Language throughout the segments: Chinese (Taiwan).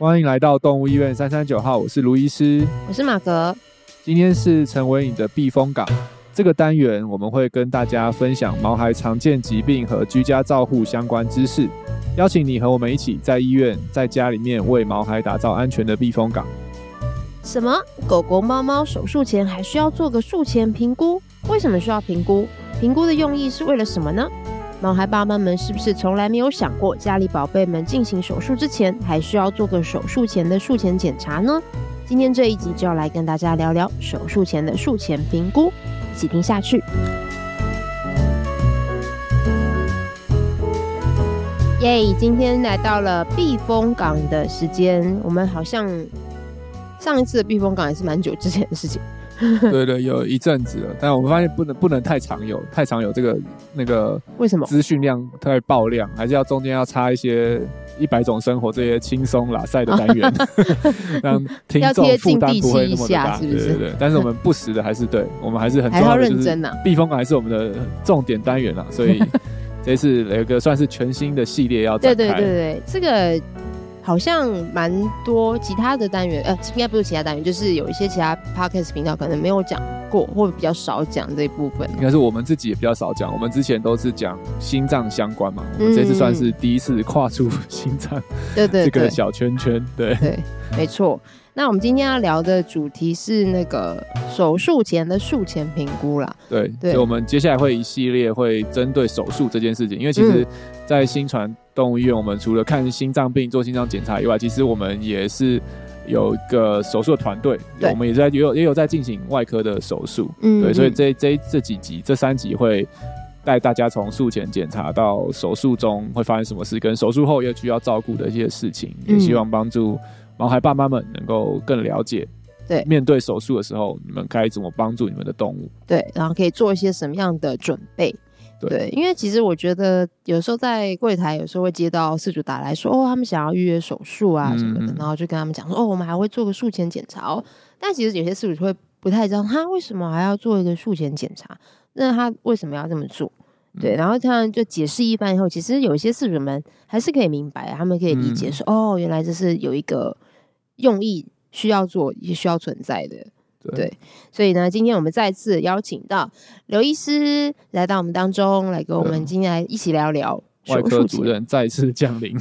歡迎來到動物醫院三三九號，我是盧醫師，我是馬格，今天是成為你的避風港。這個單元我們會跟大家分享毛孩常見疾病和居家照護相關知識，邀請你和我們一起在醫院、在家裡面為毛孩打造安全的避風港。什麼？狗狗、貓貓手術前還需要做個術前評估？為什麼需要評估？評估的用意是為了什麼呢？毛孩爸媽們是不是從來沒有想過，家裡寶貝們進行手術之前，還需要做個手術前的術前檢查呢？今天這一集就要來跟大家聊聊手術前的術前評估，一起聽下去。耶，yeah，今天來到了避風港的時間，我們好像上一次的避風港也是蠻久之前的事情。 對，對對，有一陣子了，但我們發現不能不能太常有太常有這個那個，為什麼資訊量太爆量？還是要中間要插一些一百種生活這些輕鬆啦塞的單元，啊、 讓聽眾負擔不會那麼大， 是是對對，對但是我們不時的還是對， 我們還是很還是要認真避風港還是我們的重點單元啊。所以這次雷哥算是全新的系列要展開 對，對對對對，這個。好像蠻多其他的單元，呃，應該不是其他單元，就是有一些其他 podcast 頻道可能沒有講過，或者比較少講這一部分，應該是我們自己也比較少講。我們之前都是講心臟相關嘛，我們這次算是第一次跨出心臟對對、嗯嗯嗯，這個小圈圈。對對、對、對、對，沒錯。那我們今天要聊的主題是那個手術前的術前評估啦。對對，對所以我們接下來會一系列會針對手術這件事情，因為其實在心傳。動物醫院，我們除了看心臟病、做心臟檢查以外，其實我們也是有一個手術的團隊，對我們也在也有也有在進行外科的手術。嗯，嗯，對，所以這這這幾集、這三集會帶大家從術前檢查到手術中會發生什麼事，跟手術後又需要照顧的一些事情，嗯、也希望幫助毛孩爸媽們能夠更了解。對，面對手術的時候，你們該怎麼幫助你們的動物？對，然後可以做一些什麼樣的準備？對，對，因為其實我覺得有時候在櫃台，有時候會接到飼主打來說，哦，他們想要預約手術啊什麼的，嗯嗯然後就跟他們講說，哦，我們還會做個術前檢查哦。但其實有些飼主會不太知道，他為什麼還要做一個術前檢查，那他為什麼要這麼做？對，然後這樣就解釋一番以後，其實有一些飼主們還是可以明白，他們可以理解說，嗯、哦，原來這是有一個用意需要做，也需要存在的。對，對，所以呢，今天我們再次邀請到劉醫師來到我們當中，來跟我們今天來一起聊聊外科，主任再次降臨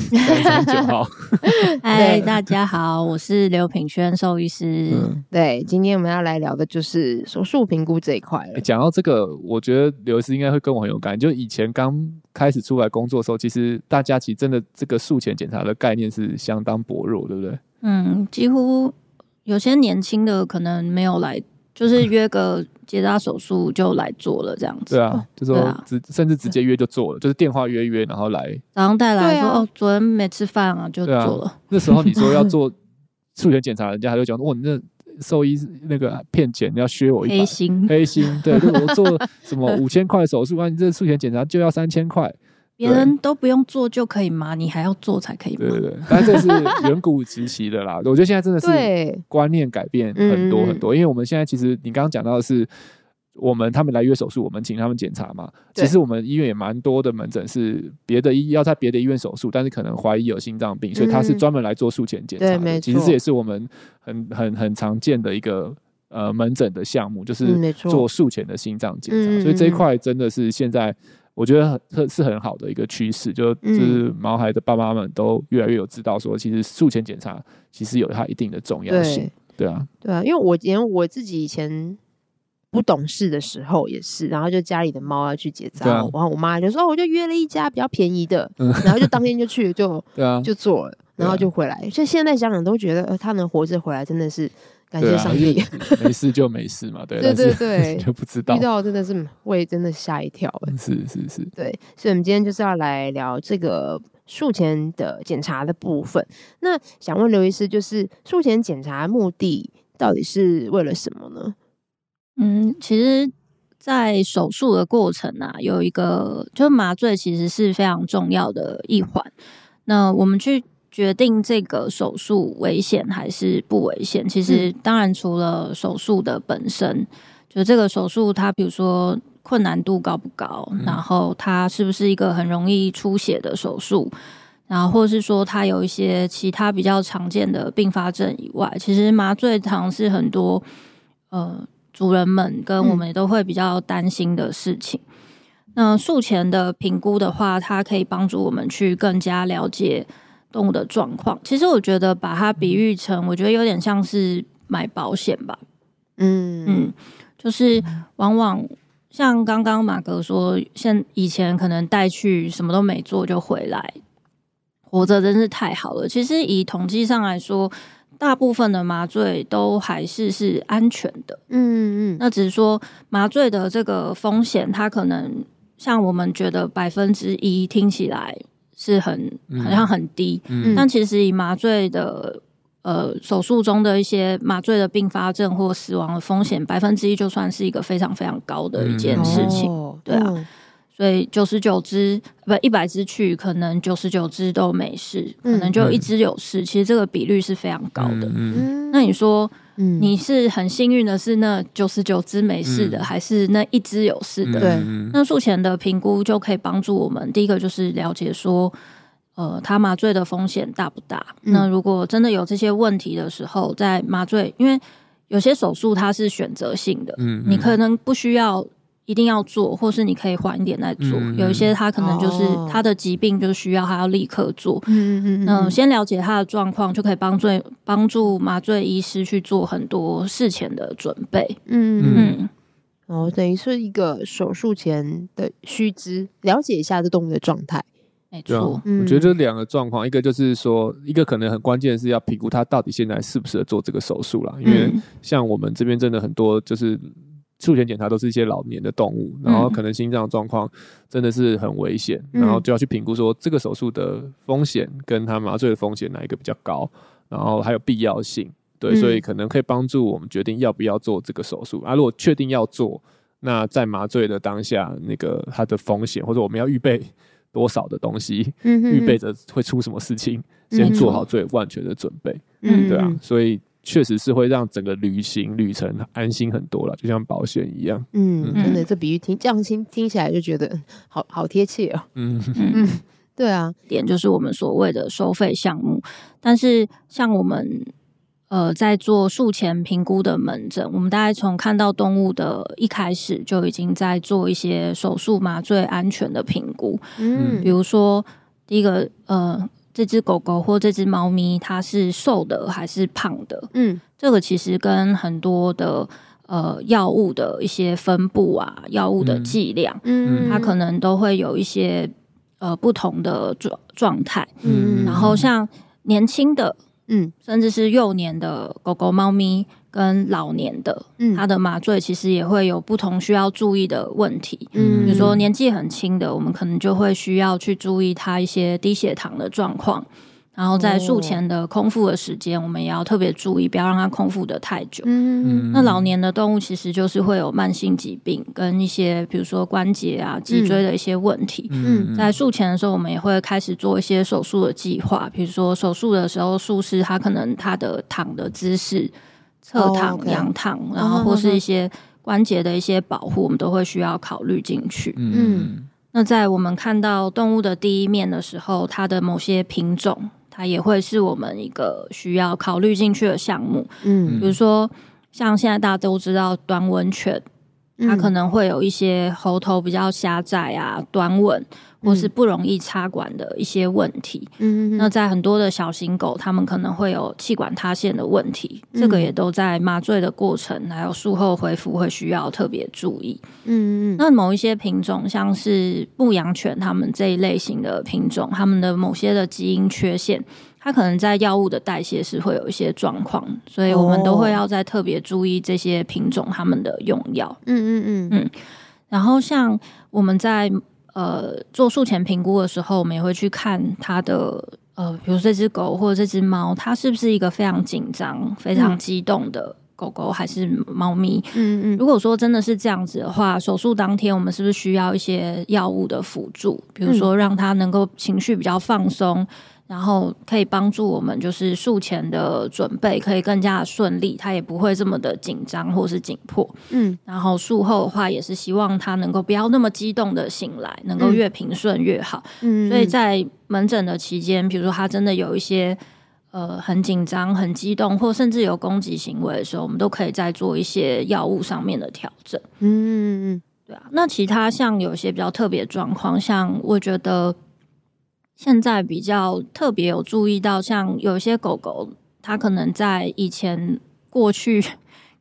九 嗨， 對大家好，我是劉品萱獸醫師。嗯、對，今天我們要來聊的就是手術評估這一塊了。講到這個，我覺得劉醫師應該會跟我很有感。就以前剛開始出來工作的時候，其實大家其實真的這個術前檢查的概念是相當薄弱，對不對？嗯，幾乎。有些年輕的可能沒有來，就是約個結紮手術就來做了這樣子。 對啊，就是、啊、甚至直接約就做了，對就是電話約約然後來早上帶來說。說、啊、哦，昨天沒吃飯啊，就做了、啊。那時候你說要做術前檢查， 人家還會講哦，你這獸醫那個騙錢，你要削我一黑心黑心。對，如果我做什麼五千塊手術， 啊，你這術前檢查就要三千塊。別對人都不用做就可以嗎？你還要做才可以嗎？對對、對，但這是遠古時期的啦。 我覺得現在真的是觀念改變很多很多。嗯嗯，因為我們現在其實你剛剛講到的是，我們他們來約手術，我們請他們檢查嘛。對其實我們醫院也蠻多的門診是別的醫要在別的醫院手術，但是可能懷疑有心臟病，所以他是專門來做術前檢查的、嗯、其實這也是我們很很很常見的一個呃門診的項目，就是做術前的心臟檢查。嗯、所以這一塊真的是現在。我覺得很是很好的一個趨勢，就就是毛孩的爸媽們都越來越有知道說，其實術前檢查其實有它一定的重要性。對、對啊，對啊，因為我連我自己以前不懂事的時候也是，然後就家裡的貓要去結紮，啊、然後我媽就說、哦、我就約了一家比較便宜的，啊、然後就當天就去就 對啊就做了，然後就回來。啊、所以現在想想都覺得，呃，它能活着回來真的是。感謝上帝、啊， 沒事就沒事嘛，對對，對對，就不知道遇到真的是，我也真的嚇一跳，是是是，對，所以我們今天就是要來聊這個術前的檢查的部分。那想問劉醫師，就是術前檢查目的到底是為了什麼呢？嗯，其實，在手術的過程啊，有一個就麻醉，其實是非常重要的一環。那我們去。決定這個手術危險還是不危險，其實當然除了手術的本身，嗯、就這個手術它比如說困難度高不高，嗯、然後它是不是一個很容易出血的手術，然後或是說它有一些其他比較常見的併發症以外，其實麻醉常是很多呃主人們跟我們也都會比較擔心的事情。嗯、那術前的評估的話，它可以幫助我們去更加了解。動物的狀況，其實我覺得把它比喻成，嗯、我覺得有點像是買保險吧。嗯嗯，就是往往像剛剛馬哥說，現以前可能帶去什麼都沒做就回來，活着真是太好了。其實以統計上來說，大部分的麻醉都還是是安全的。嗯、嗯嗯，那只是說麻醉的這個風險，它可能像我們覺得百分之一聽起來。是很好像很低，嗯嗯、但其實以麻醉的呃手術中的一些麻醉的併發症或死亡的風險，百分之一就算是一個非常非常高的一件事情，嗯哦嗯、對啊，所以九十九隻不一百隻去，可能九十九隻都沒事，嗯、可能就一隻有事，嗯、其實這個比率是非常高的，嗯嗯、那你說。嗯、你是很幸運的，是那九十九隻沒事的，嗯、還是那一隻有事的？對，那術前的評估就可以幫助我們。第一個就是了解說，呃，他麻醉的風險大不大？嗯、那如果真的有這些問題的時候，在麻醉，因為有些手術它是選擇性的，嗯，嗯你可能不需要。一定要做，或是你可以緩一點來做。嗯、哼有一些他可能就是他的疾病就需要他要立刻做。嗯嗯哼嗯先了解他的狀況，就可以幫助幫助麻醉醫師去做很多事情的準備。嗯嗯。嗯嗯哦，等於是一個手術前的須知，了解一下這動物的狀態。沒錯，我覺得這兩個狀況，一個就是說，一個可能很關鍵是要評估他到底現在適不適合做這個手術啦，因為像我們這邊真的很多就是。術前檢查都是一些老年的動物，然後可能心臟狀況真的是很危險，嗯、然後就要去評估說這個手術的風險跟他麻醉的風險哪一個比較高，然後還有必要性，對，嗯、所以可能可以幫助我們決定要不要做這個手術。啊，如果確定要做，那在麻醉的當下，那個它的風險或者我們要預備多少的東西，預、嗯嗯、備着會出什麼事情，先做好最萬全的準備，嗯嗯、對啊，所以。確實是會讓整個旅行旅程安心很多了，就像保險一樣。嗯，嗯真的，這比喻，聽這樣聽聽起來就覺得好好貼切啊、喔。嗯，嗯對啊，點就是我們所謂的收費項目，但是像我們呃在做術前評估的門診，我們大概從看到動物的一開始就已經在做一些手術麻醉安全的評估。嗯，比如說第一個呃。這只狗狗或這只貓咪，它是瘦的還是胖的？嗯，這個其實跟很多的呃藥物的一些分布啊，藥物的劑量，嗯，它可能都會有一些呃不同的狀狀態。嗯,嗯,嗯，然後像年輕的，嗯，甚至是幼年的狗狗、貓咪。跟老年的，嗯、他的麻醉其實也會有不同需要注意的問題。嗯嗯，比如說年紀很輕的，我們可能就會需要去注意他一些低血糖的狀況。然後在術前的空腹的時間，哦、我們也要特別注意，不要讓他空腹的太久。嗯嗯，那老年的動物其實就是會有慢性疾病跟一些，比如說關節啊、脊椎的一些問題。嗯嗯，在術前的時候，我們也會開始做一些手術的計劃。比如說手術的時候，術式他可能他的躺的姿勢。側躺、仰、oh, okay. 躺，然後或是一些關節的一些保護，oh, okay. 我們都會需要考慮進去。嗯，那在我們看到動物的第一面的時候，它的某些品種，它也會是我們一個需要考慮進去的項目。嗯，比如說像現在大家都知道短吻犬。它可能會有一些喉頭比較狹窄啊、短吻，或是不容易插管的一些問題。嗯哼哼。那在很多的小型狗，它們可能會有氣管塌陷的問題，嗯、哼這個也都在麻醉的過程，還有術後恢復會需要特別注意。嗯嗯。那某一些品種，像是牧羊犬，它們這一類型的品種，它們的某些的基因缺陷。它可能在藥物的代謝時會有一些狀況，所以我們都會要再特別注意這些品種它們的用藥。嗯嗯嗯嗯。然後像我們在呃做術前評估的時候，我們也會去看它的呃，比如說這隻狗或者這隻貓，它是不是一個非常緊張、非常激動的狗狗還是貓咪？嗯嗯。如果說真的是這樣子的話，手術當天我們是不是需要一些藥物的輔助，比如說讓它能夠情緒比較放鬆？嗯然後可以幫助我們，就是術前的準備可以更加的順利，他也不會這麼的緊張或是緊迫。嗯，然後術後的話，也是希望他能夠不要那麼激動的醒來，嗯、能夠越平順越好。嗯，嗯，嗯，所以在門診的期間，比如說他真的有一些呃很緊張、很激動，或甚至有攻擊行為的時候，我們都可以再做一些藥物上面的調整。嗯，嗯，嗯，嗯，對啊。那其他像有一些比較特別的狀況，像我覺得。現在比較特別有注意到，像有一些狗狗，它可能在以前過去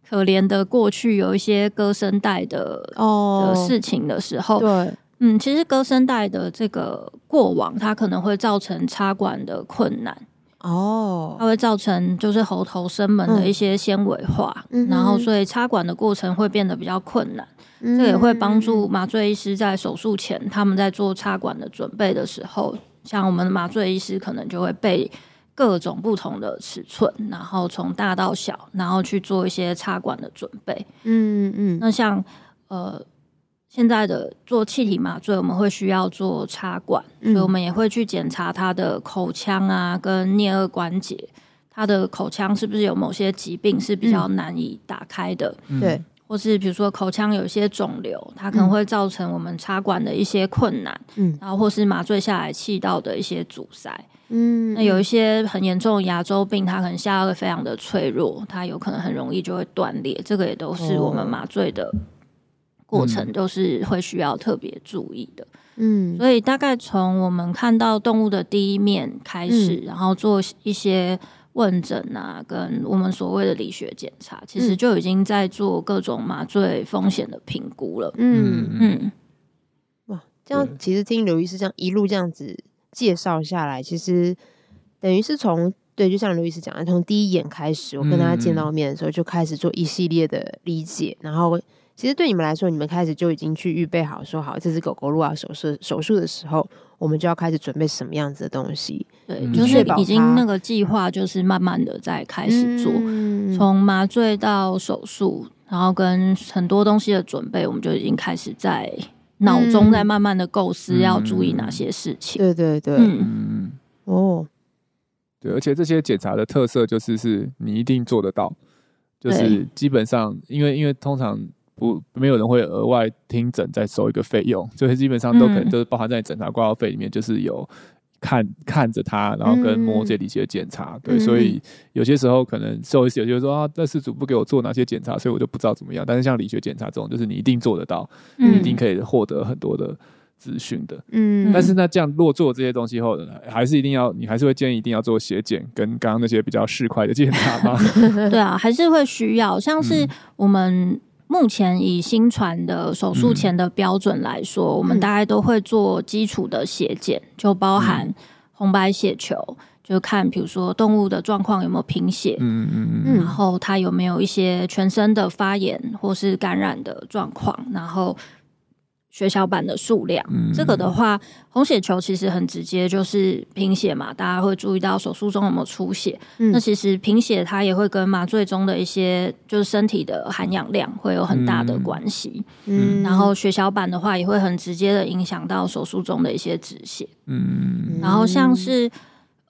可憐的過去，有一些割聲帶的哦、oh, 事情的時候，對，嗯，其實割聲帶的這個過往，它可能會造成插管的困難哦，它、oh. 會造成就是喉頭聲門的一些纖維化，嗯、然後所以插管的過程會變得比較困難，嗯、這也會幫助麻醉醫師在手術前，他們在做插管的準備的時候。像我們的麻醉醫師可能就會備各種不同的尺寸，然後從大到小，然後去做一些插管的準備。嗯嗯。那像呃現在的做氣體麻醉，我們會需要做插管，嗯、所以我們也會去檢查他的口腔啊，跟顳顎關節，他的口腔是不是有某些疾病是比較難以打開的？嗯嗯、對。或是比如說口腔有一些腫瘤，它可能會造成我們插管的一些困難，嗯、然後或是麻醉下來氣道的一些阻塞，嗯，嗯那有一些很嚴重的牙周病，它可能下顎非常的脆弱，它有可能很容易就會斷裂，這個也都是我們麻醉的過程，都、哦嗯、是會需要特別注意的，嗯，所以大概從我們看到動物的第一面開始，嗯、然後做一些。問診啊，跟我們所謂的理學檢查，其實就已經在做各種麻醉風險的評估了。嗯嗯，嗯嗯哇，這樣對其實聽劉醫師這樣一路這樣子介紹下來，其實等於是從對，就像劉醫師講的，從第一眼開始，我跟大家見到面的時候，嗯、就開始做一系列的理解。然後，其實對你們來說，你們開始就已經去預備好，說好這隻狗狗路啊手術手術的時候。我們就要開始準備什麼樣子的東西？對，就是已經那個計劃，就是慢慢的在開始做，嗯、從麻醉到手術，然後跟很多東西的準備，我們就已經開始在腦中在慢慢的構思要注意哪些事情。嗯嗯、對對對，嗯，哦，對，而且這些檢查的特色就是是你一定做得到，就是基本上，對因為因為通常。不，沒有人會額外聽診再收一個費用，所以基本上都可能都是包含在診察掛號費裡面，就是有看，嗯、看着他，然後跟摸這些理學檢查。嗯、對，所以有些時候可能受一些就是說啊，那飼主不給我做哪些檢查，所以我就不知道怎麼樣。但是像理學檢查這種，就是你一定做得到，嗯、你一定可以獲得很多的資訊的。嗯，但是那這樣若做這些東西後，還是一定要你還是會建議一定要做血檢跟剛剛那些比較市塊的檢查嗎？ 對啊，還是會需要，像是我們。目前以心傳的手術前的標準來說，嗯、我們大概都會做基礎的血檢，嗯、就包含紅白血球，就看比如說動物的狀況有沒有貧血，嗯嗯嗯嗯然後它有沒有一些全身的發炎或是感染的狀況，然後。血小板的數量，這個的話，紅血球其實很直接，就是貧血嘛，大家會注意到手術中有沒有出血。嗯，那其實貧血它也會跟麻醉中的一些，就是身體的含氧量會有很大的關係。嗯，然後血小板的話，也會很直接的影響到手術中的一些止血。嗯，然後像是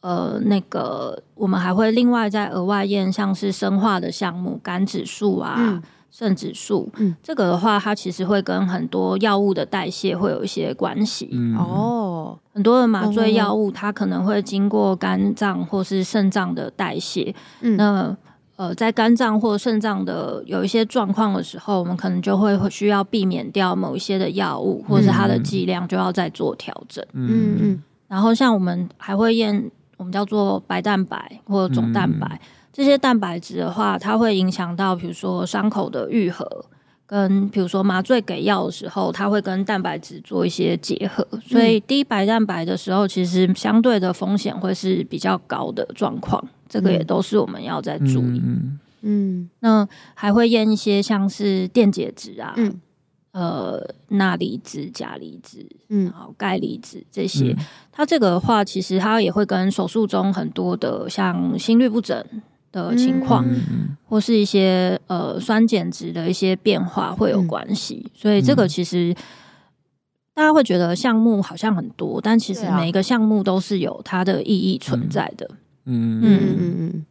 呃，那個我們還會另外再額外驗，像是生化的項目，肝指數啊。嗯腎指數，嗯、這個的話，它其實會跟很多藥物的代謝會有一些關係。哦、嗯，很多的麻醉藥物，哦、它可能會經過肝臟或是腎臟的代謝。嗯，那呃，在肝臟或腎臟的有一些狀況的時候，我們可能就會需要避免掉某一些的藥物，或者是它的劑量就要再做調整。嗯嗯，然後像我們還會驗我們叫做白蛋白或總蛋白。嗯嗯這些蛋白質的話，它會影響到，比如說傷口的愈合，跟比如說麻醉給藥的時候，它會跟蛋白質做一些結合。嗯、所以低白蛋白的時候，其實相對的風險會是比較高的狀況。嗯、這個也都是我們要在注意。嗯，嗯，嗯，那還會驗一些像是電解質啊，嗯、呃，鈉離子、鉀離子，嗯，然後鈣離子這些。嗯、它這個的話，其實它也會跟手術中很多的像心律不整。的情況，嗯嗯嗯或是一些呃酸鹼值的一些變化會有關係，嗯、所以這個其實、嗯、大家會覺得項目好像很多，但其實每一個項目都是有它的意義存在的。嗯嗯嗯嗯，嗯嗯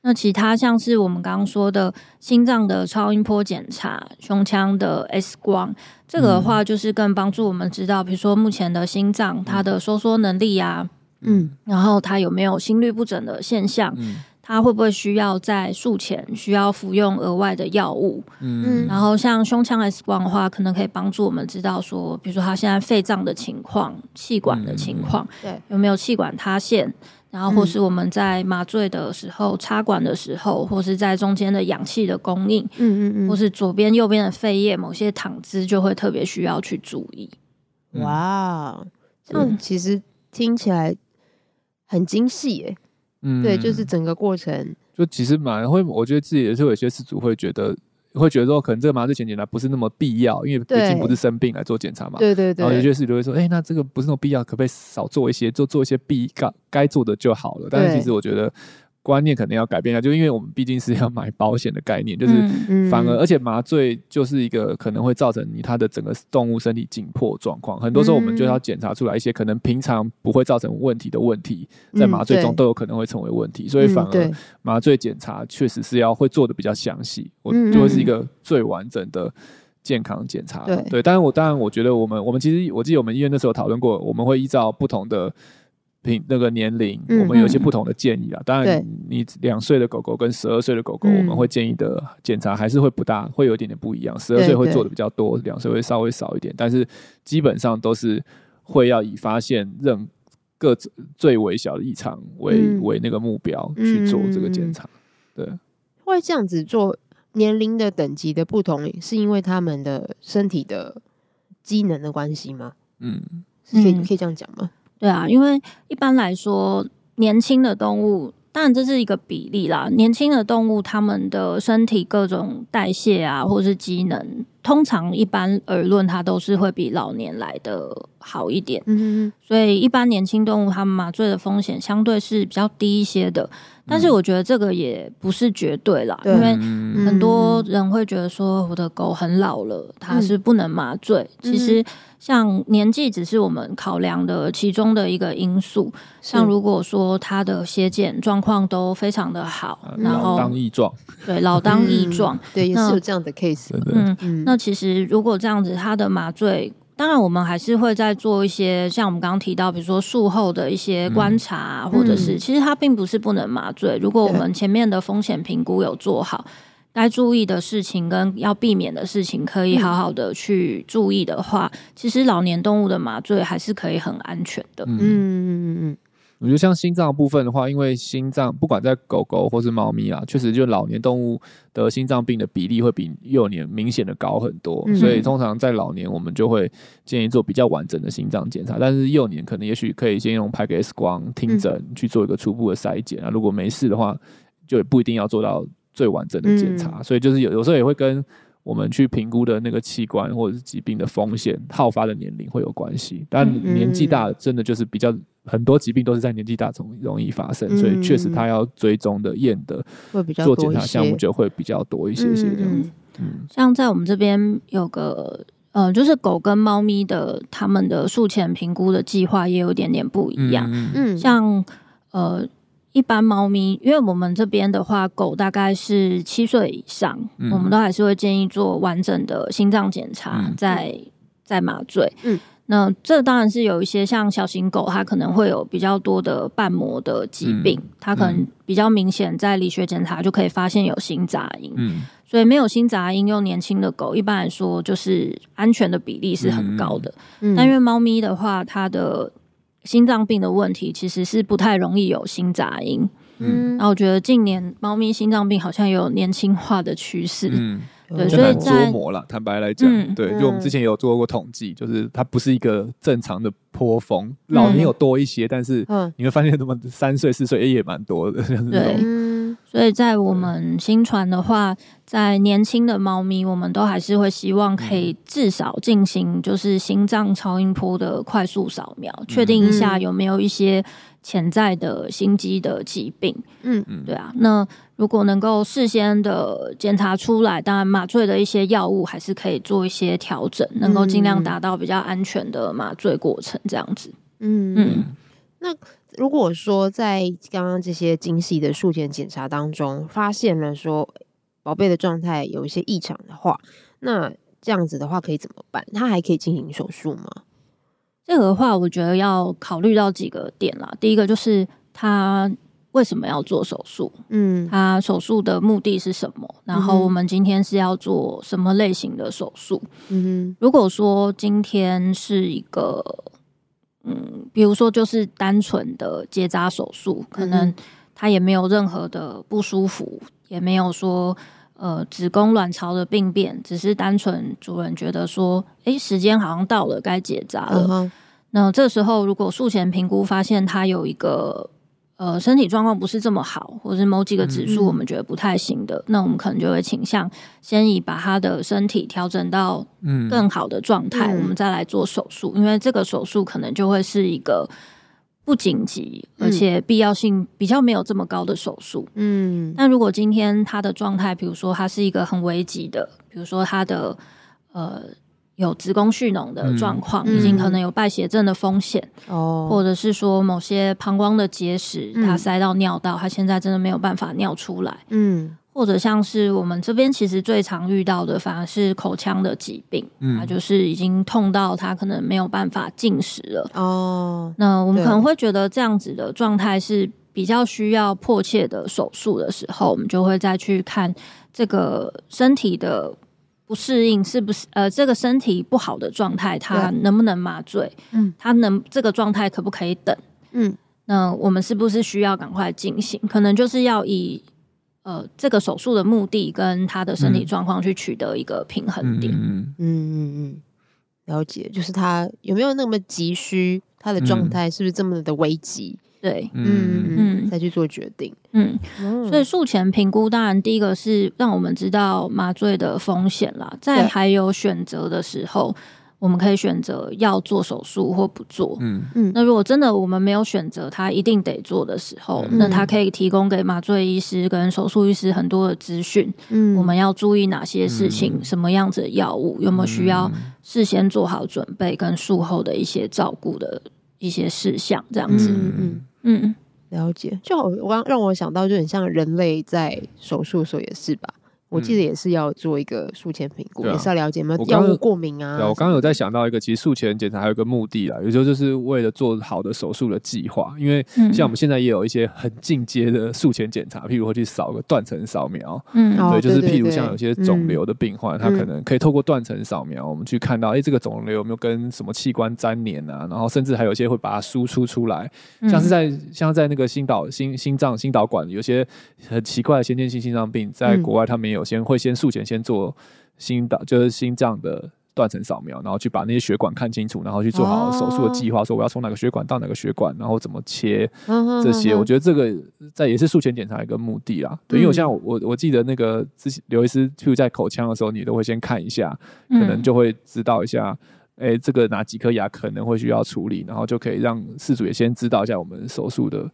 那其他像是我們剛剛說的心臟的超音波檢查、胸腔的 X 光，這個的話就是更幫助我們知道，比如說目前的心臟它的收縮能力啊，嗯，然後它有沒有心律不整的現象。嗯他會不會需要在術前需要服用額外的藥物？嗯，然後像胸腔 X 光的話，可能可以幫助我們知道說，比如說他現在肺臟的情況、氣管的情況，對、嗯，有沒有氣管塌陷？然後或是我們在麻醉的時候插管的時候，或是在中間的氧氣的供應，嗯嗯嗯，或是左邊右邊的肺葉，某些躺姿就會特別需要去注意。哇、嗯，那、嗯、其實聽起來很精細耶、欸。嗯，對，就是整個過程，就其實蠻會，我覺得自己也是有些飼主會覺得，會覺得說可能這個麻醉前檢查不是那麼必要，因為畢竟不是生病來做檢查嘛。對，對對對，然後有些飼主會說，哎、欸，那這個不是那麼必要，可不可以少做一些，做做一些必該該做的就好了。但是其實我覺得。觀念可能要改變一下，就因為我們畢竟是要買保險的概念，就是反而，嗯嗯、而且麻醉就是一個可能會造成你它的整個動物身體緊迫狀況，很多時候我們就要檢查出來一些可能平常不會造成問題的問題，在麻醉中都有可能會成為問題，嗯、所以反而麻醉檢查確實是要會做的比較詳細，我，嗯、就會是一個最完整的健康檢查。嗯、對，對，但我當然我覺得我們我們其實我記得我們醫院那時候討論過，我們會依照不同的。憑那個年齡，嗯、哼我們有一些不同的建議啊。嗯、哼當然，你兩歲的狗狗跟十二歲的狗狗，對我們會建議的檢查還是會不大、嗯、會有一點點不一樣。十二歲會做的比較多，兩歲會稍微少一點。但是基本上都是會要以發現任各自最微小的異常為、嗯、為那個目標去做這個檢查。對，會這樣子做年齡的等級的不同，是因為他們的身體的機能的關係嗎？嗯，可以可以這樣講嗎？嗯對啊，因為一般來說，年輕的動物當然這是一個比例啦。年輕的動物，他們的身體各種代謝啊，或者是機能，通常一般而論，它都是會比老年來的。好一點，嗯，所以一般年輕動物，它們麻醉的風險相對是比較低一些的。但是我覺得這個也不是絕對啦，因為很多人會覺得說，我的狗很老了，它是不能麻醉。其實像年紀只是我們考量的其中的一個因素。像如果說它的血檢狀況都非常的好，然後老當益壯，對老當益壯，對也是有這樣的 case。嗯，那其實如果這樣子，它的麻醉。當然，我們還是會再做一些，像我們剛剛提到，比如說術後的一些觀察、啊，嗯、或者是其實它並不是不能麻醉。如果我們前面的風險評估有做好，對該注意的事情跟要避免的事情可以好好的去注意的話，嗯、其實老年動物的麻醉還是可以很安全的。嗯嗯嗯。嗯我覺得像心臟部分的話，因為心臟不管在狗狗或是貓咪啊，確實就老年動物得心臟病的比例會比幼年明顯的高很多，嗯嗯，所以通常在老年我們就會建議做比較完整的心臟檢查，但是幼年可能也許可以先用拍個 X 光、聽診去做一個初步的篩檢啊，嗯，如果沒事的話，就不一定要做到最完整的檢查，嗯，所以就是有有時候也會跟。我們去評估的那個器官或者是疾病的風險、好發的年齡會有關係，但年紀大真的就是比較很多疾病都是在年紀大中容易發生，嗯、所以確實他要追蹤的、驗的會比較多一些，做檢查項目就會比較多一些些、嗯、這樣子。嗯、像在我們這邊有個呃，就是狗跟貓咪的他們的術前評估的計劃也有點點不一樣。嗯，像呃。一般貓咪，因為我們這邊的話，狗大概是七歲以上，嗯、我們都還是會建議做完整的心臟檢查，再再、嗯、麻醉。嗯，那這當然是有一些像小型狗，它可能會有比較多的瓣膜的疾病，嗯嗯、它可能比較明顯，在理學檢查就可以發現有心雜音。嗯、所以沒有心雜音，又年輕的狗，一般來說就是安全的比例是很高的。嗯、但因為貓咪的話，它的心臟病的問題其實是不太容易有心雜音，嗯，然後我覺得近年貓咪心臟病好像有年輕化的趨勢，嗯，對，所以很捉摸了。嗯、坦白來講，嗯、對，就我們之前有做過統計，就是它不是一個正常的波峰，嗯、老年有多一些，但是，嗯，你會發現，怎麼三歲、四歲也也蠻多的，對。所以在我們心傳的話，在年輕的貓咪，我們都還是會希望可以至少進行就是心臟超音波的快速掃描，確定一下有沒有一些潛在的心肌的疾病。嗯嗯，對啊。那如果能夠事先的檢查出來，當然麻醉的一些藥物還是可以做一些調整，能夠盡量達到比較安全的麻醉過程，這樣子。嗯嗯。嗯那如果說在剛剛這些精細的術前檢查當中發現了說寶貝的狀態有一些異常的話，那這樣子的話可以怎麼辦？他還可以進行手術嗎？這個的話，我覺得要考慮到幾個點啦。第一個就是他為什麼要做手術？嗯，他手術的目的是什麼？然後我們今天是要做什麼類型的手術？嗯哼，如果說今天是一個。嗯，比如說就是單純的結紮手術，可能他也沒有任何的不舒服，也沒有說呃子宮卵巢的病變，只是單純主人覺得說，哎、欸，時間好像到了，該結紮了。Uh huh. 那這時候如果術前評估發現他有一個。呃，身體狀況不是這麼好，或者是某幾個指數我們覺得不太行的，嗯、那我們可能就會傾向先以把他的身體調整到更好的狀態，嗯、我們再來做手術，嗯、因為這個手術可能就會是一個不緊急，而且必要性比較沒有這麼高的手術。嗯，那如果今天他的狀態，比如說他是一個很危急的，比如說他的呃。有子宮蓄膿的狀況，嗯、已經可能有敗血症的風險，嗯、或者是說某些膀胱的結石，它、哦、塞到尿道，它現在真的沒有辦法尿出來，嗯，或者像是我們這邊其實最常遇到的，反而是口腔的疾病，它、嗯、就是已經痛到它可能沒有辦法進食了，哦，那我們可能會覺得這樣子的狀態是比較需要迫切的手術的時候，嗯、我們就會再去看這個身體的。不適應是不是？呃，這個身體不好的狀態，他能不能麻醉？Yeah. 嗯，他能這個狀態可不可以等？嗯，那、呃、我們是不是需要趕快進行？可能就是要以呃這個手術的目的跟他的身體狀況去取得一個平衡點。嗯嗯嗯，嗯，嗯嗯嗯，了解。就是他有沒有那麼急需？他的狀態是不是這麼的危急？嗯對，嗯嗯，嗯再去做決定，嗯，所以術前評估當然第一個是讓我們知道麻醉的風險啦，在對還有選擇的時候，我們可以選擇要做手術或不做，嗯嗯。那如果真的我們沒有選擇，他一定得做的時候，嗯、那他可以提供給麻醉醫師跟手術醫師很多的資訊，嗯，我們要注意哪些事情，嗯、什麼樣子的藥物有沒有需要事先做好準備，跟術後的一些照顧的一些事項，這樣子，嗯嗯。嗯嗯嗯，了解。就我剛讓我想到，就很像人類在手術所也是吧。我記得也是要做一個術前評估，嗯、也是要了解、啊、有沒有藥物過敏啊。我剛對、啊、我剛有在想到一個，其實術前檢查還有一個目的啦，有時候就是為了做好的手術的計劃。因為像我們現在也有一些很進階的術前檢查，譬如會去掃個斷層掃描。嗯，對，就是譬如像有些腫瘤的病患，他可能可以透過斷層掃描，我們去看到，哎，這個腫瘤有沒有跟什麼器官粘連啊？然後甚至還有一些會把它輸出出來，嗯、像是在像在那個心導心心臟心導管，有些很奇怪的先天性心臟病，在國外他沒有。先會先術前先做心導，就是心臟的斷層掃描，然後去把那些血管看清楚，然後去做好手術的計劃，哦、說我要從哪個血管到哪個血管，然後怎麼切這些。嗯嗯，我覺得這個在也是術前檢查一個目的啦。嗯、對，因為我像我我我記得那個之前劉醫師就在口腔的時候，你都會先看一下，可能就會知道一下，哎、嗯欸，這個哪幾顆牙可能會需要處理，然後就可以讓飼主也先知道一下我們手術的。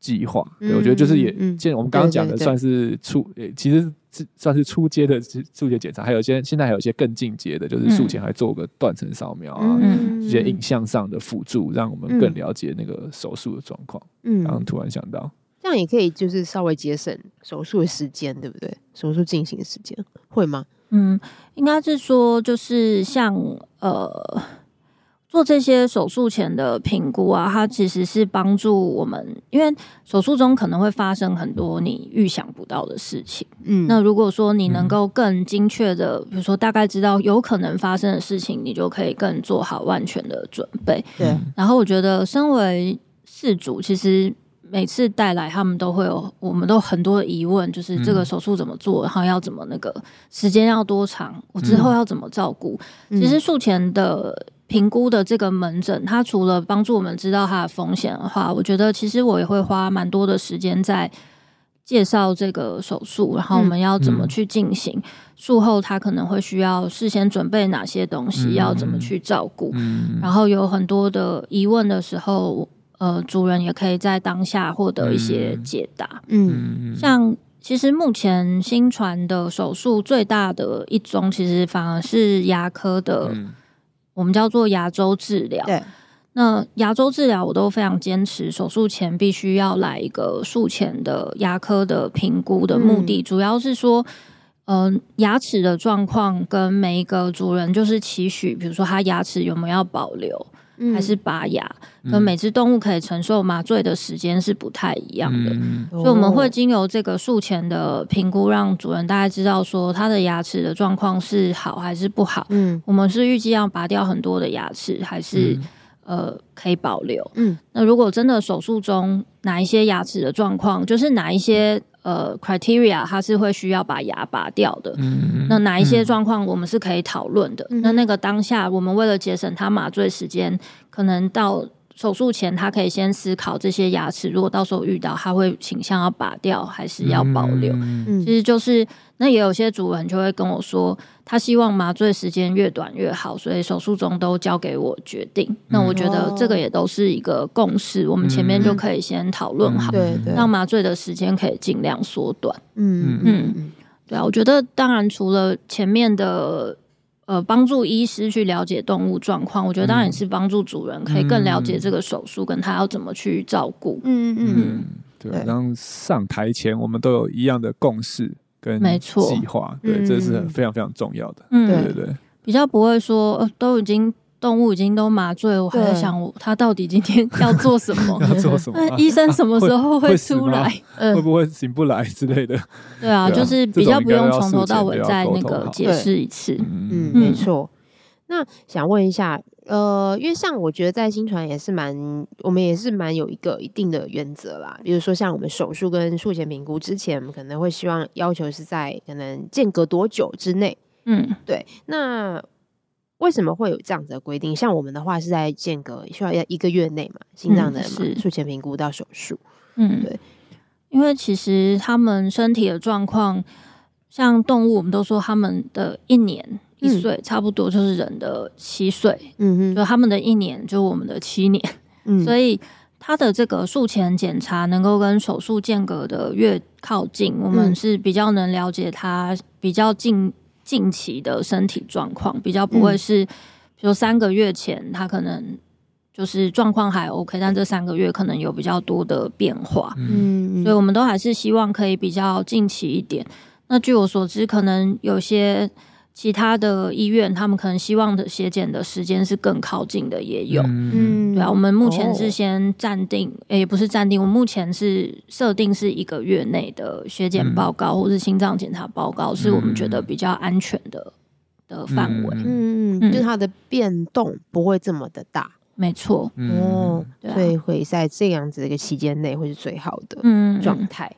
計劃，對，我覺得就是也，見我們剛剛講的算是初，其實是算是初階的術前檢查，還有一些現在還有一些更進階的，就是術前還做個斷層掃描啊，嗯、一些影像上的輔助，讓我們更了解那個手術的狀況。嗯，然後突然想到，這樣也可以就是稍微節省手術的時間，對不對？手術進行的時間會嗎？嗯，應該是說就是像呃。做這些手術前的評估啊，它其實是幫助我們，因為手術中可能會發生很多你預想不到的事情。嗯，那如果說你能夠更精確的，嗯、比如說大概知道有可能發生的事情，你就可以更做好萬全的準備。對、嗯。然後我覺得，身為飼主，其實每次帶來他們都會有，我們都很多的疑問，就是這個手術怎麼做，然後要怎麼那個，時間要多長，我之後要怎麼照顧？嗯、其實術前的。評估的這個門診，它除了幫助我們知道它的風險的話，我覺得其實我也會花蠻多的時間在介紹這個手術，然後我們要怎麼去進行，嗯嗯、術後，他可能會需要事先準備哪些東西，要怎麼去照顧，嗯嗯嗯、然後有很多的疑問的時候，呃，主人也可以在當下獲得一些解答。嗯，嗯嗯嗯，像其實目前心傳的手術最大的一宗，其實反而是牙科的。我們叫做牙周治療。對那牙周治療我都非常堅持，手術前必須要來一個術前的牙科的評估的目的，嗯、主要是說，嗯、呃，牙齒的狀況跟每一個主人就是期許，比如說他牙齒有沒有要保留。還是拔牙，那、嗯、每隻動物可以承受麻醉的時間是不太一樣的，嗯、所以我們會經由這個術前的評估，讓主人大概知道說他的牙齒的狀況是好還是不好。嗯、我們是預計要拔掉很多的牙齒，還是、嗯、呃，可以保留？嗯、那如果真的手術中哪一些牙齒的狀況，就是哪一些。呃，criteria 它是會需要把牙拔掉的。嗯、那哪一些狀況我們是可以討論的？嗯、那那個當下，我們為了節省他麻醉時間，可能到手術前，他可以先思考這些牙齒，如果到時候遇到，他會傾向要拔掉還是要保留？嗯嗯、其實就是那也有些主人就會跟我說。他希望麻醉時間越短越好，所以手術中都交給我決定。嗯、那我覺得這個也都是一個共識，嗯、我們前面就可以先討論好，嗯、讓麻醉的時間可以儘量縮短。嗯嗯嗯，嗯，對啊，我覺得當然除了前面的呃幫助醫師去了解動物狀況，嗯、我覺得當然也是幫助主人可以更了解這個手術跟他要怎麼去照顧。嗯。嗯嗯嗯，對。然後對上台前我們都有一樣的共識。沒錯，計劃對，這是非常非常重要的。嗯，對對對，比較不會說呃，都已經動物已經都麻醉了，我還在想他到底今天要做什麼？要做什麼？醫生什麼時候會出來？會不會醒不來之類的？對啊，就是比較不用從頭到尾再那個解釋一次。嗯，沒錯。那想問一下。呃，因為像我覺得在心傳也是蠻，我們也是蠻有一個一定的原則啦。比如說像我們手術跟術前評估之前，我們可能會希望要求是在可能間隔多久之內。嗯，對。那為什麼會有這樣子的規定？像我們的話是在間隔需要要一個月內嘛，心臟的、嗯、是術前評估到手術。嗯，對。因為其實他們身體的狀況，像動物，我們都說他們的一年。一歲、嗯、差不多就是人的七歲，嗯嗯哼，就他們的一年就是我們的七年，嗯，所以他的這個術前檢查能夠跟手術間隔的越靠近，嗯、我們是比較能了解他比較近近期的身體狀況，比較不會是、嗯、比如說三個月前他可能就是狀況還 OK，但這三個月可能有比較多的變化，嗯，所以我們都還是希望可以比較近期一點。那據我所知，可能有些。其他的醫院，他們可能希望的血檢的時間是更靠近的，也有，對啊，我們目前是先暫定，也不是暫定，我目前是設定是一個月內的血檢報告，或是心臟檢查報告，是我們覺得比較安全的的範圍。嗯，就它的變動不會這麼的大，沒錯。哦，所以會在這樣子的一個期間內會是最好的狀態。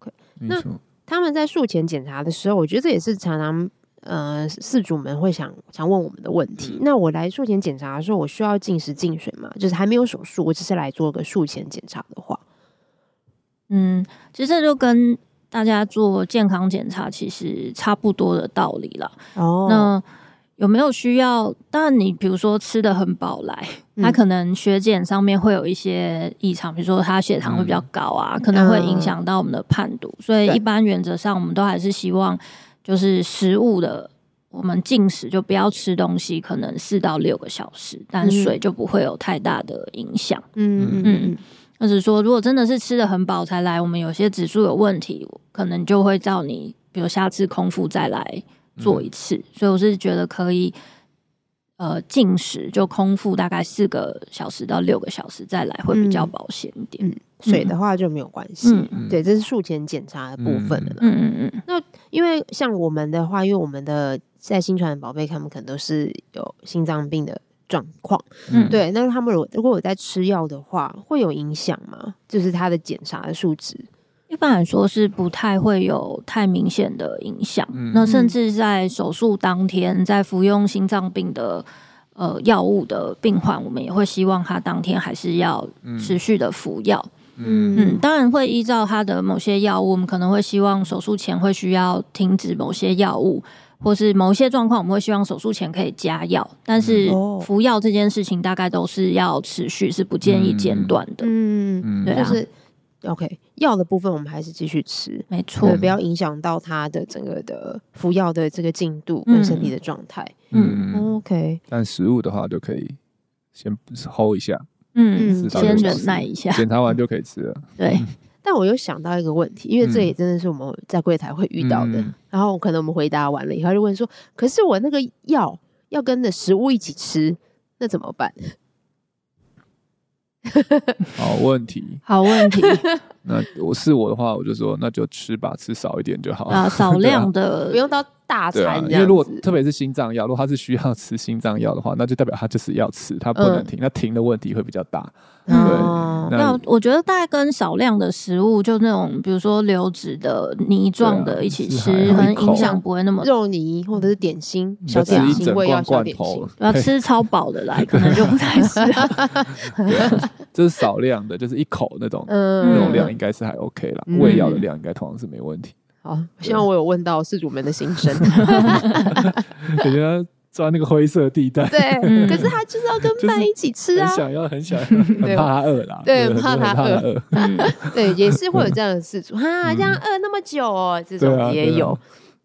OK，那他們在術前檢查的時候，我覺得這也是常常。呃，飼主們會想想問我們的問題。嗯、那我來術前檢查的時候，我需要進食進水嗎？就是還沒有手術，我只是來做個術前檢查的話，嗯，其實這就跟大家做健康檢查其實差不多的道理了。哦，那有沒有需要？當然你比如說吃的很飽來，他、嗯、可能血檢上面會有一些異常，比如說他血糖會比較高啊，嗯、可能會影響到我們的判讀。嗯、所以一般原則上，我們都還是希望。就是食物的，我們禁食就不要吃東西，可能四到六個小時，但水就不會有太大的影響。嗯嗯嗯嗯。或者、嗯、說，如果真的是吃得很飽才來，我們有些指數有問題，可能就會叫你，比如下次空腹再來做一次。嗯、所以我是覺得可以，呃，禁食就空腹大概四個小時到六個小時再來會比較保險一點。嗯水的話就沒有關係，嗯嗯、對，這是術前檢查的部分嗯嗯嗯。嗯，那因為像我們的話，因為我們的在心傳的寶貝，他們可能都是有心臟病的狀況。嗯，對。那他們如果如果有在吃藥的話，會有影響嗎？就是他的檢查的數值，一般來說是不太會有太明顯的影響。嗯、那甚至在手術當天，在服用心臟病的呃藥物的病患，我們也會希望他當天還是要持續的服藥。嗯嗯，嗯當然會依照他的某些藥物，我們可能會希望手術前會需要停止某些藥物，或是某一些狀況，我們會希望手術前可以加藥。但是服藥這件事情大概都是要持續，是不建議間斷的。嗯嗯，嗯對啊，就是 OK，藥的部分我們還是繼續吃，沒錯，不要影響到他的整個的服藥的這個進度跟身體的狀態。嗯，嗯嗯，嗯，OK。但食物的話就可以先 hold 一下。嗯，先忍耐一下。檢查完就可以吃了。對，嗯、但我又想到一個問題，因為這也真的是我們在櫃檯會遇到的。嗯、然後可能我們回答完了以後，就問說：“可是我那個藥要跟著食物一起吃，那怎麼辦？”好問題，好問題。 那我是我的話，我就說那就吃吧，吃少一點就好啊。少量的，不用到大餐這樣。因為如果特別是心臟藥，如果他是需要吃心臟藥的話，那就代表他就是要吃，他不能停。那停的問題會比較大。對，那我覺得大概跟少量的食物，就那種比如說流質的泥狀的一起吃，可能影響不會那麼。肉泥或者是點心、小點心、罐頭，要吃超飽的來，可能就不太行。這是少量的，就是一口那種嗯。那種量。應該是還 OK 了，餵藥的量應該通常是沒問題。好，希望我有問到飼主們的心聲。我覺得抓那個灰色地帶，對，可是他就是要跟飯一起吃啊，想要很想，怕他餓啦，對，怕他餓，對，也是會有這樣的飼主啊，這樣餓那麼久，這種也有，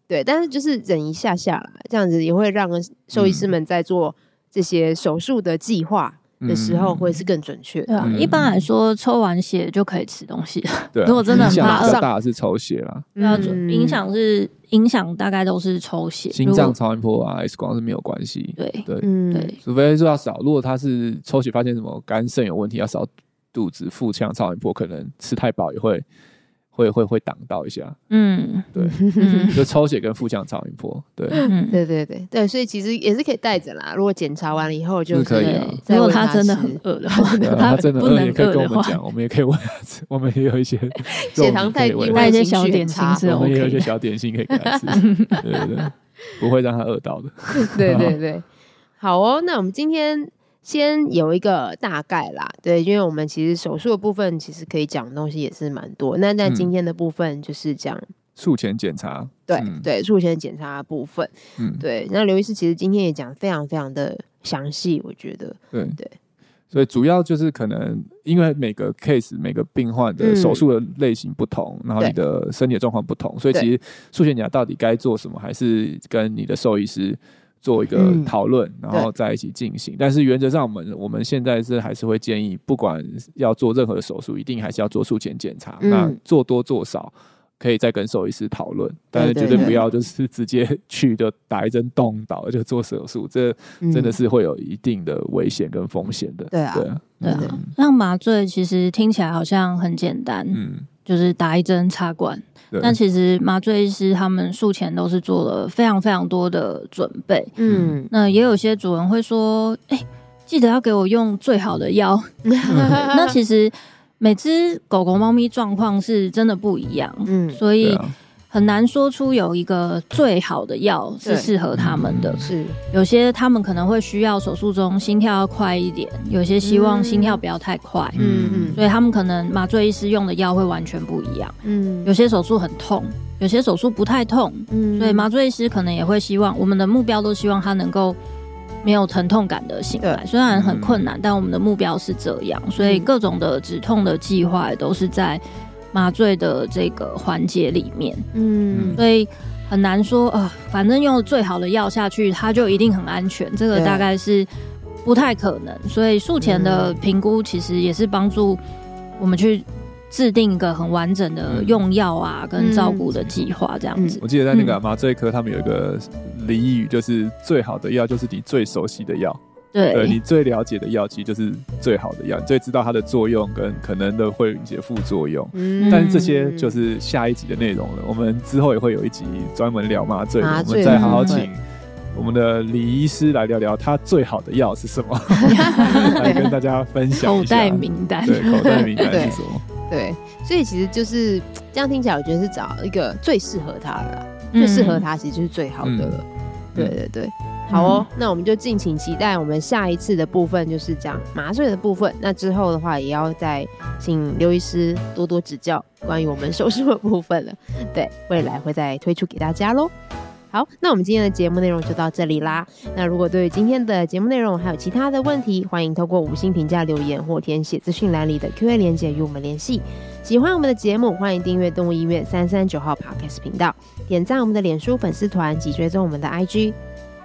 對，但是就是忍一下下來，這樣子也會讓獸醫師們在做這些手術的計劃。的時候會是更準確。對，一般來說抽完血就可以吃東西。對，如果真的很怕餓，大是抽血啦。嗯，影響是影響，大概都是抽血。心臟超音波啊，X 光是沒有關係。對對對，除非說要少。如果他是抽血發現什麼肝腎有問題，要少肚子腹腔超音波，可能吃太飽也會。會會會擋到一下，嗯，對，就抽血跟腹腔超音波，對，對對對對對，所以其實也是可以帶着啦。如果檢查完了以後，就可以了。如果他真的很餓的話，他真的餓也可以跟我們講，我們也可以問他，我們也有一些血糖太低，帶一些小點心吃，我們也有一些小點心可以給他吃，對對，不會讓他餓到的。對對對，好哦，那我們今天。先有一個大概啦，對，因為我們其實手術的部分其實可以講的東西也是蠻多。那在今天的部分就是講，嗯，術前檢查，對、嗯、對，術前檢查的部分，嗯，對。那劉醫師其實今天也講非常非常的詳細，我覺得，對對。對所以主要就是可能因為每個 case 每個病患，的手術的類型不同，嗯、然後你的身體的狀況不同，對所以其實術前檢查到底該做什麼，還是跟你的獸醫師。做一個討論，嗯、然後在一起進行。對但是原則上，我們我們現在是還是會建議，不管要做任何手術，一定還是要做術前檢查。嗯、那做多做少可以再跟獸醫師討論，但是絕對，對，對，對不要就是直接去就打一針動刀就做手術，這真的是會有一定的危險跟風險的。嗯、對啊，對啊，嗯、讓麻醉其實聽起來好像很簡單，嗯。就是打一針插管，對但其實麻醉師他們術前都是做了非常非常多的準備。嗯，那也有些主人會說：“哎、欸，記得要給我用最好的藥。”那其實每只狗狗、貓咪狀況是真的不一樣。嗯，所以。很難說出有一個最好的藥是適合他們的。是有些他們可能會需要手術中心跳要快一點，有些希望心跳不要太快。嗯嗯，所以他們可能麻醉醫師用的藥會完全不一樣。嗯，有些手術很痛，有些手術不太痛。嗯，所以麻醉醫師可能也會希望，我們的目標都希望他能夠沒有疼痛感的醒來。雖然很困難，但我們的目標是這樣，所以各種的止痛的計劃都是在麻醉的這個環節裡面，嗯，所以很難說啊、呃，反正用最好的藥下去，它就一定很安全，這個大概是不太可能。對所以術前的評估其實也是幫助我們去制定一個很完整的用藥啊跟照顧的計劃，這樣子。嗯嗯、我記得在那個麻醉科，他們有一個俚語，就是最好的藥就是你最熟悉的藥。對、呃，你最了解的藥其實，就是最好的藥，你最知道它的作用跟可能的會解副作用。嗯，但是這些就是下一集的內容了。我們之後也會有一集專門聊麻醉，最啊、我們再好好請我們的李醫師來聊聊他最好的藥是什麼，嗯、來跟大家分享 口袋名單。對，口袋名單是什麼？對，對，所以其實就是這樣聽起來，我覺得是找一個最適合他的啦，嗯、最適合他其實就是最好的了。嗯、對對對。好哦，那我們就敬請期待我們下一次的部分，就是講麻醉的部分。那之後的話，也要再請劉醫師多多指教關於我們手術的部分了。對，未來會再推出給大家嘍。好，那我們今天的節目內容就到這裡啦。那如果對於今天的節目內容還有其他的問題，歡迎透過五星評價留言或填寫資訊欄裡的 Q&A 連結與我們聯繫。喜歡我們的節目，歡迎訂閱動物醫院三三九號 Podcast 頻道，點讚我們的臉書粉絲團及追蹤我們的 IG。